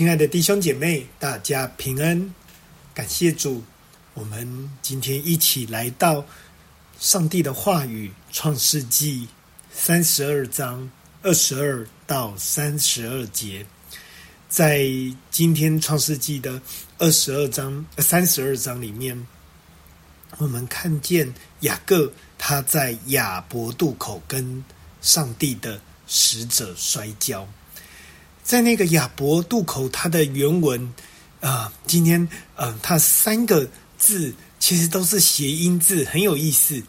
親愛的弟兄姐妹，大家平安！感謝主，我們今天一起來到上帝的話語《創世紀》三十二章二十二到三十二節。在今天《創世紀》的二十二章、三十二章裡面，我們看見雅各他在雅博渡口跟上帝的使者摔跤。在那個雅博渡口，它的原文啊、呃，今天呃，它三個字其實都是諧音字，很有意思。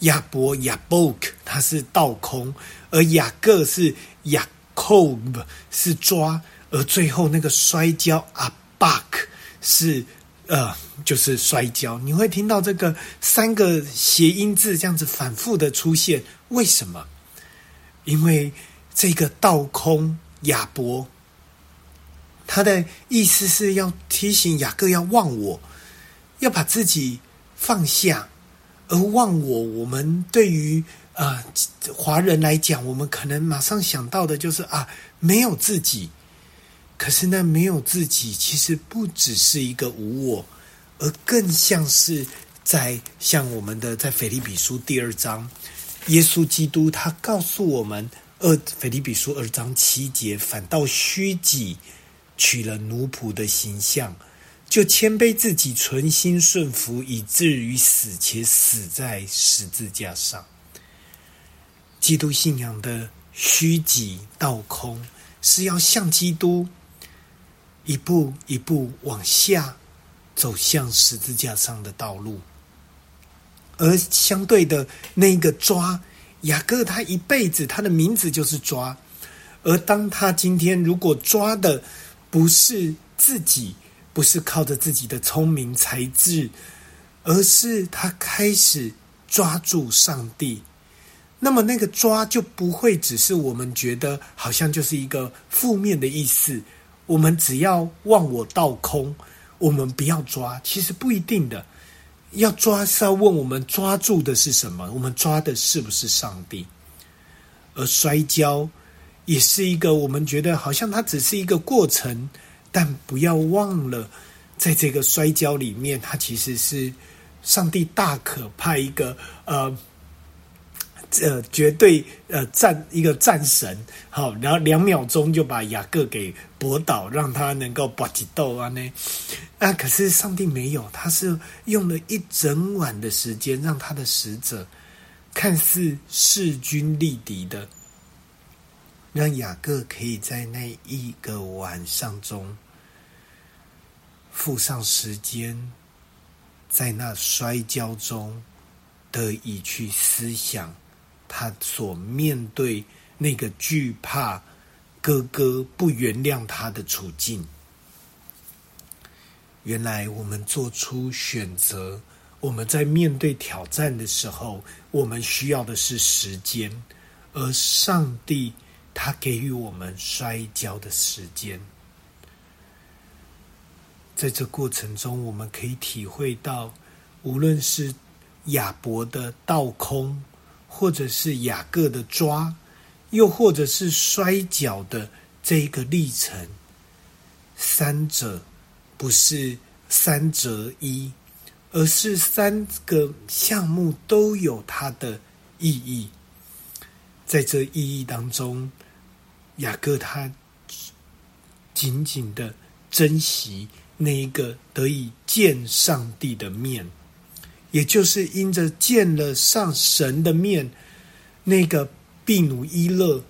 雅博、雅博克，它是倒空，而雅各是雅克，是抓，而最後那個摔跤阿巴克，是呃，就是摔跤。你會聽到這個三個諧音字這樣子反覆的出現，為什麼？因為這個倒空。雅博，他的意思是要提醒雅各要忘我，要把自己放下，而忘我。我們對於啊、呃、華人來講，我們可能馬上想到的就是啊沒有自己。可是那沒有自己，其實不只是一個無我，而更像是在像我們的在腓立比書第二章，耶穌基督他告訴我們。二腓立比書二章七節，反倒虛己，取了奴僕的形象，就謙卑自己，存心順服，以至於死，且死在十字架上。基督信仰的虛己倒空，是要向基督一步一步往下走向十字架上的道路，而相對的那一個抓，雅各他一輩子，他的名字就是抓。而當他今天如果抓的不是自己，不是靠着自己的聰明才智，而是他開始抓住上帝，那麼那個抓就不會只是我們覺得好像就是一個負面的意思。我們只要忘我倒空，我們不要抓，其實不一定的。要抓是要問我們抓住的是什麼？我們抓的是不是上帝？而摔跤，也是一個我們覺得好像它只是一個過程，但不要忘了，在這個摔跤裡面，它其實是上帝大可派一個呃。這、呃、絕對呃戰一個戰神，好，然後兩秒鐘就把雅各給搏倒，讓他能夠搏起鬥啊呢？啊，可是上帝沒有，他是用了一整晚的時間，讓他的使者看似勢均力敵的，讓雅各可以在那一個晚上中，附上時間，在那摔跤中得以去思想。他所面對那個懼怕哥哥不原諒他的處境。原來我們做出選擇，我們在面對挑戰的時候，我們需要的是時間，而上帝他給予我們摔跤的時間。在這過程中，我們可以體會到，無論是亞伯的倒空，或者是雅各的抓，又或者是摔跤的這一個歷程，三者不是三擇一，而是三個項目都有它的意義。在這意義當中，雅各他緊緊的珍惜那一個得以見上帝的面。也就是因着見了上神的面，那個毗努伊勒，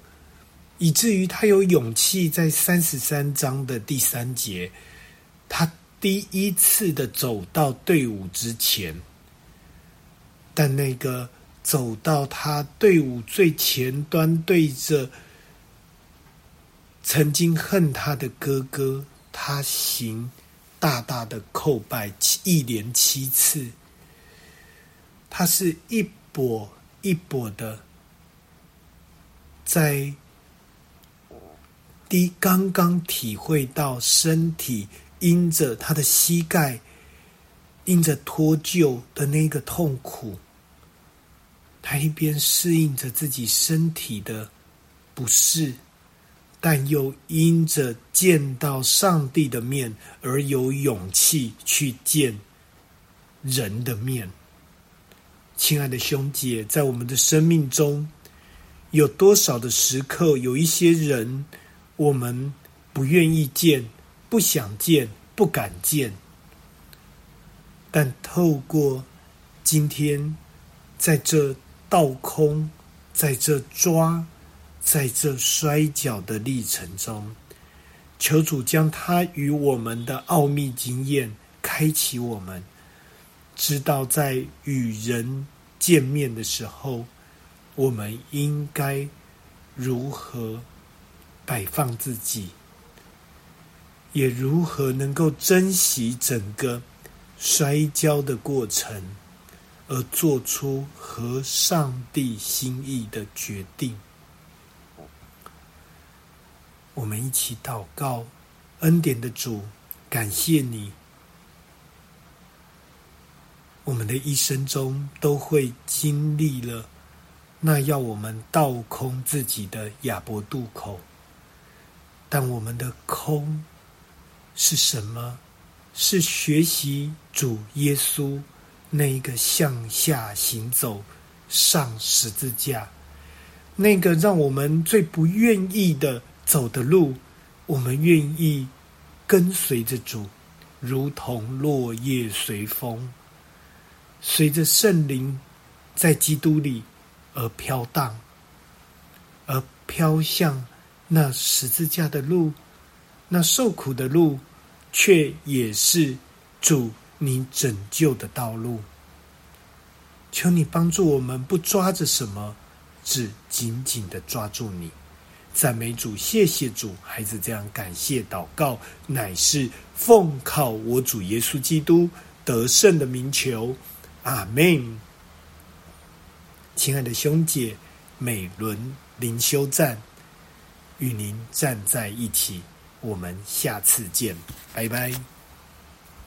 以至於他有勇氣在三十三章的第三節，他第一次的走到隊伍之前，但那個走到他隊伍最前端，對着曾經恨他的哥哥，他行大大的叩拜，一連七次。他是一跛一跛的，在第剛剛體會到身體因着他的膝蓋因着脫臼的那個痛苦，他一邊適應着自己身體的不適，但又因着見到上帝的面而有勇氣去見人的面。親愛的兄姐，在我們的生命中，有多少的時刻，有一些人，我們不願意見、不想見、不敢見。但透過今天在這倒空、在這抓、在這摔跤的歷程中，求主將他與我們的奧秘經驗開啟我們。知道，在與人見面的時候，我們應該如何擺放自己，也如何能夠珍惜整個摔跤的過程，而做出合上帝心意的決定。我們一起禱告，恩典的主，感謝你。我們的一生中都會經歷了，那要我們倒空自己的雅博渡口，但我們的空是什麼？是學習主耶穌那一個向下行走、上十字架，那個讓我們最不願意的走的路，我們願意跟隨着主，如同落葉隨風。隨着聖靈在基督裏而飄蕩，而飄向那十字架的路，那受苦的路，卻也是主你拯救的道路。求你幫助我們，不抓着什麼，只緊緊地抓住你。讚美主，謝謝主，孩子這樣感謝禱告，乃是奉靠我主耶穌基督得勝的名求。阿門，親愛的兄姐，美倫靈修站，與您站在一起，我們下次見，拜拜。